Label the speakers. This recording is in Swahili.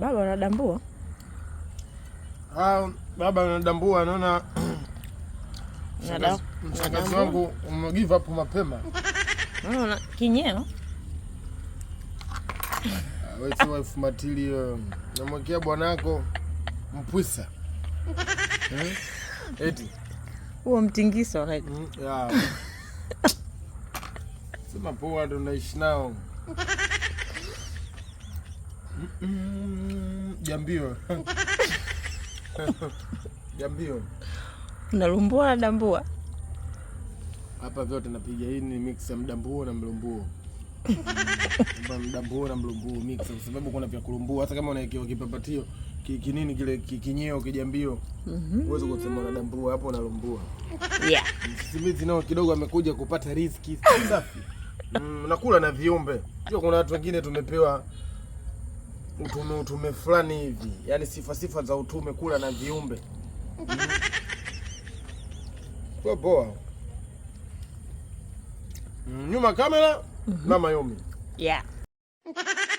Speaker 1: Baba unadambua?
Speaker 2: Ah, baba unadambua, naona msakazi wangu ume give up mapema.
Speaker 1: Unaona kinyeo.
Speaker 2: Ah, wewe sio wife material. Namwekea bwanako mpwisa. Eh?
Speaker 1: Eti. Huo mtingiso like. Mm, yeah.
Speaker 2: Sema poa ndo naishi nao. Mm -mm. Jambio. Jambio.
Speaker 1: Nalumbua na dambua.
Speaker 2: Hapa vyote napiga hii ni mix ya mdambuo na mlumbuo. mdambuo na mlumbuo mix kwa sababu kuna vya kulumbua hata kama unaekewa kipapatio kinini kile kinyeo kijambio. Mm -hmm. Uweze kusema hapo unalumbua. Yeah. Msimizi nao kidogo amekuja kupata riziki safi. Mm, nakula na viumbe. Sio kuna watu wengine tumepewa utume utume fulani hivi, yaani sifa sifa za utume kula na viumbe kwa poa. Mm, nyuma kamera, mhm. Mama Yumi.
Speaker 1: Yeah.